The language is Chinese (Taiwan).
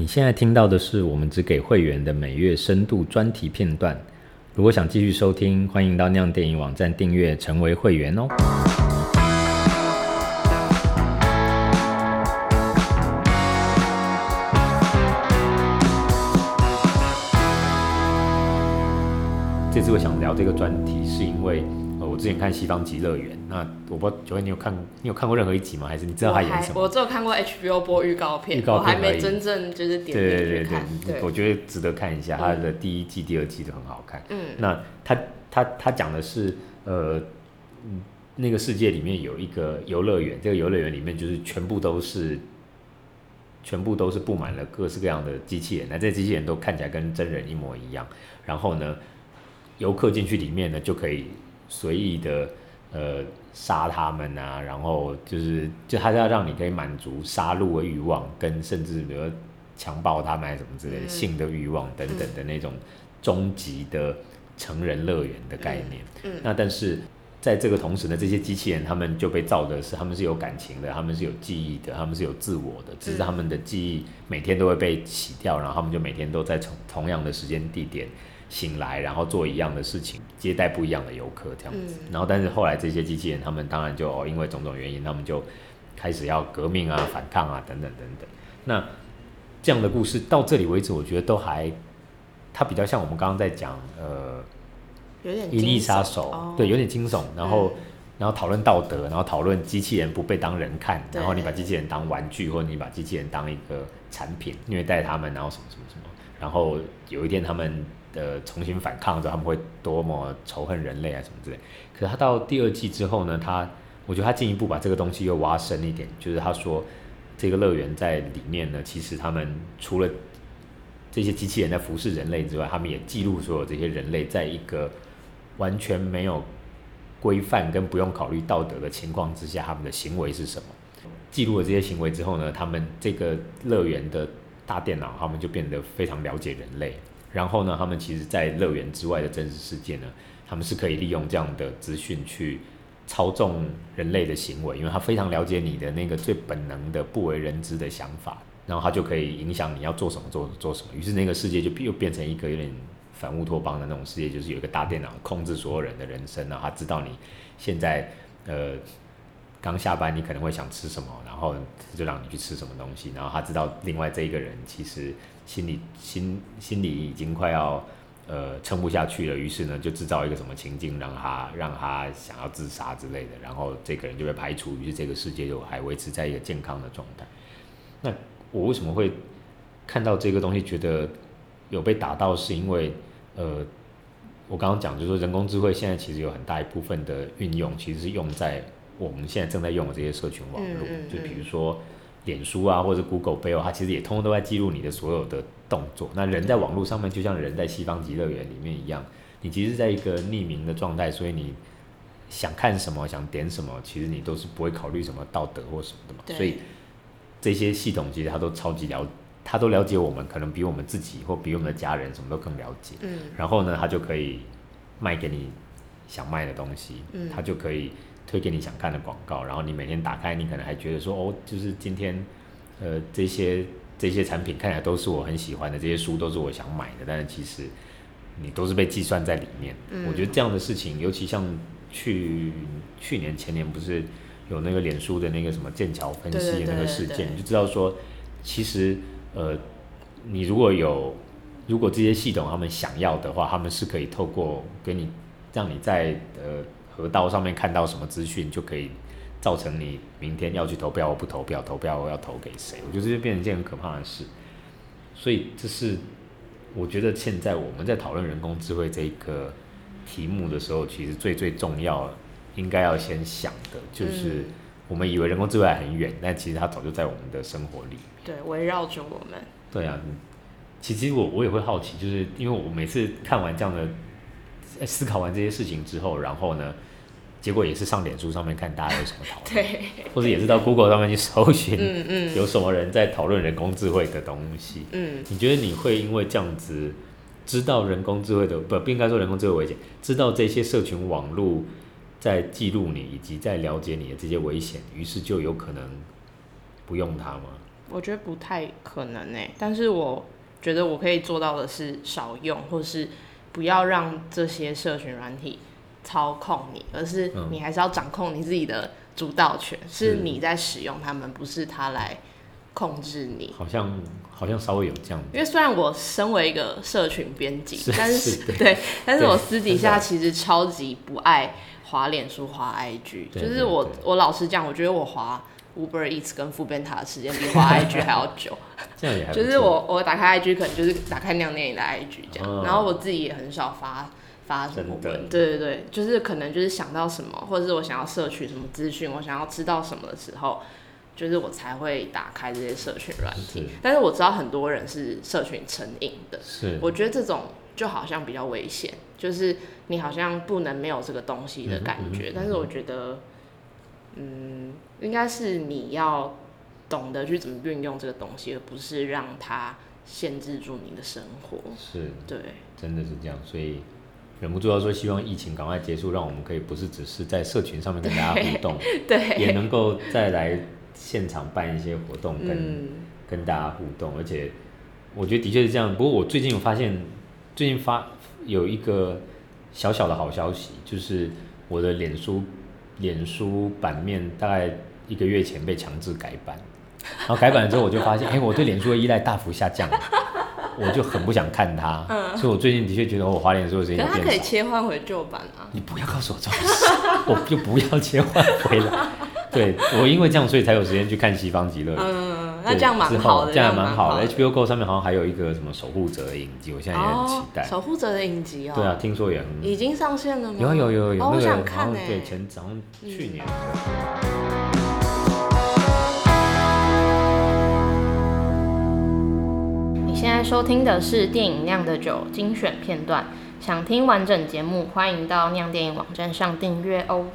你現在聽到的是我們只給會員的每月深度專題片段。如果想繼續收聽，歡迎到釀電影網站訂閱成為會員哦。這次我想聊這個專題，是因為……之前看《西方極樂園》嗯，那我不知道你有看，你有看過任何一集嗎？還是你知道他演什麼？我,我只有看過 HBO 播預告片，預告我還沒真正就是點進去看。對、對對對，對我覺得值得看一下，嗯、它的第一季、第二季都很好看。嗯，那他他他講的是呃，那個世界裡面有一個遊樂園，這個遊樂園裡面就是全部都是全部都是佈滿了各式各樣的機器人，那這機器人都看起來跟真人一模一樣。嗯、然後呢，遊客進去裡面呢，就可以。隨意的，呃，殺他們啊，然後就是，就他要讓你可以滿足殺戮的欲望，跟甚至比如強暴他們還什麼之類的、嗯、性的欲望等等的那種終極的成人樂園的概念。嗯嗯、那但是在這個同時呢，這些機器人他們就被造的是他們是有感情的，他們是有記憶的，他們是有自我的，只是他們的記憶每天都會被洗掉，然後他們就每天都在同同樣的時間地點醒來，然後做一樣的事情，接待不一樣的遊客，這樣子。嗯、然後，但是後來這些機器人，他們當然就、哦、因為種種原因，他們就開始要革命啊、反抗啊等等等等。那這樣的故事到這裡為止，我覺得都還，他比較像我們剛剛在講，呃，有點驚悚《銀翼殺手》哦，對，有點驚悚。然後，嗯、然後討論道德，然後討論機器人不被當人看，對然後你把機器人當玩具，或者你把機器人當一個產品，虐待他們，然後什麼什麼什麼。然後有一天，他們的重新反抗之後，他們會多麼仇恨人類啊，什麼之類。可是他到第二季之後呢，他我覺得他進一步把這個東西又挖深一點，就是他說這個樂園在裡面呢，其實他們除了這些機器人在服侍人類之外，他們也記錄所有這些人類在一個完全沒有規範跟不用考慮道德的情況之下，他們的行為是什麼？記錄了這些行為之後呢，他們這個樂園的。大電腦，他們就變得非常了解人類。然後呢，他們其實，在樂園之外的真實世界呢，他們是可以利用這樣的資訊去操縱人類的行為，因為他非常了解你的那個最本能的不為人知的想法，然後他就可以影響你要做什麼做，做做什麼。於是那個世界就又變成一個有點反烏托邦的那種世界，就是有一個大電腦控制所有人的人生，然後他知道你現在，呃。剛下班，你可能會想吃什麼，然後就讓你去吃什麼東西，然後他知道另外這一個人其實心裡心心裡已經快要呃撐不下去了，於是呢就製造一個什麼情境，讓他讓他想要自殺之類的，然後這個人就被排除，於是這個世界就還維持在一個健康的狀態。那我為什麼會看到這個東西覺得有被打到，是因為呃我剛剛講就是說，人工智慧現在其實有很大一部分的運用其實是用在我們現在正在用的這些社群網絡，嗯嗯嗯、就比如說臉書啊，或者是 Google、哦、背後它其實也通通都在記錄你的所有的動作。那人在網絡上面，就像人在西方極樂園裡面一樣，你其實在一個匿名的狀態，所以你想看什麼，想點什麼，其實你都是不會考慮什麼道德或什麼的嘛。對所以這些系統其實它都超級了，它都了解我們，可能比我們自己或比我們的家人什麼都更了解。嗯、然後呢，它就可以賣給你想賣的東西。他、嗯、它就可以。推給你想看的廣告，然後你每天打開，你可能還覺得說哦，就是今天，呃，這些這些產品看起來都是我很喜歡的，這些書都是我想買的，但是其實你都是被計算在裡面。嗯，我覺得這樣的事情，尤其像去去年前年不是有那個臉書的那個什麼劍橋分析的，對對對對對那個事件，就知道說其實呃，你如果有如果這些系統他們想要的話，他們是可以透過給你讓你在呃。到我上面看到什麼資訊，就可以造成你明天要去投票、不投票、投票要投給誰，我覺得這就變成一件很可怕的事。所以這是我覺得現在我們在討論人工智能這一個題目的時候，其實最最重要的應該要先想的就是，我們以為人工智能還很遠，但其實它早就在我們的生活裡，對，圍繞着我們。對啊，其實我我也會好奇，就是因為我每次看完這樣的思考完這些事情之後，然後呢？結果也是上臉書上面看大家有什麼討論， 對或者也是到 Google 上面去搜尋，嗯嗯，有什麼人在討論人工智慧的東西，嗯，嗯，你覺得你會因為這樣子知道人工智慧的，不，不應該說人工智慧危險，知道這些社群網絡在記錄你以及在了解你的這些危險，於是就有可能不用它嗎？我覺得不太可能呢、欸。但是我覺得我可以做到的是少用，或是不要讓這些社群軟體。操控你，而是你還是要掌控你自己的主導權，嗯、是，是你在使用他們，不是他來控制你。好像好像稍微有這樣，因為雖然我身為一個社群編輯，是是但是對，對但是我私底下其實超級不愛滑臉書、滑 IG，對對對對就是我我老實講，我覺得我滑 Uber Eats 跟 foodpanda 的時間比滑 IG 還要久。 這樣也還。就是我我打開 IG 可能就是打開釀電影的 IG 這樣，哦、然後我自己也很少發。發什麼？真的。對對對，就是可能就是想到什麼，或者是我想要攝取什麼資訊，我想要知道什麼的時候，就是我才會打開這些社群軟體。是但是我知道很多人是社群成癮的，是我覺得這種就好像比較危險，就是你好像不能沒有這個東西的感覺。嗯嗯嗯、但是我覺得，嗯，應該是你要懂得去怎麼運用這個東西，而不是讓它限制住你的生活。是對，真的是這樣，所以。忍不住要說，希望疫情趕快結束，讓我們可以不是只是在社群上面跟大家互動，對對，也能夠再來現場辦一些活動跟，跟、嗯、跟大家互動。而且我覺得的確是這樣。不過我最近有發現，最近發有一個小小的好消息，就是我的臉書臉書版面大概一個月前被強制改版，然後改版之後，我就發現，哎、 欸，我對臉書的依賴大幅下降了。我就很不想看他，所以我最近的確覺得我花臉的時候時間有點少。但它可以切換回舊版啊。你不要告訴我這個事，我就不要切換回來。對，我因為這樣，所以才有時間去看《西方極樂》。嗯，那這樣蠻好的，這樣蠻好的。HBO Go 上面好像還有一個什麼《守護者》的影集，我現在也很期待《守護者》的影集哦。對啊，聽說也很。已經上線了嗎？有有有有有那個，我想看誒。對，前早上去年。收聽的是電影《釀的酒》精選片段，想聽完整節目，歡迎到釀電影網站上訂閱哦。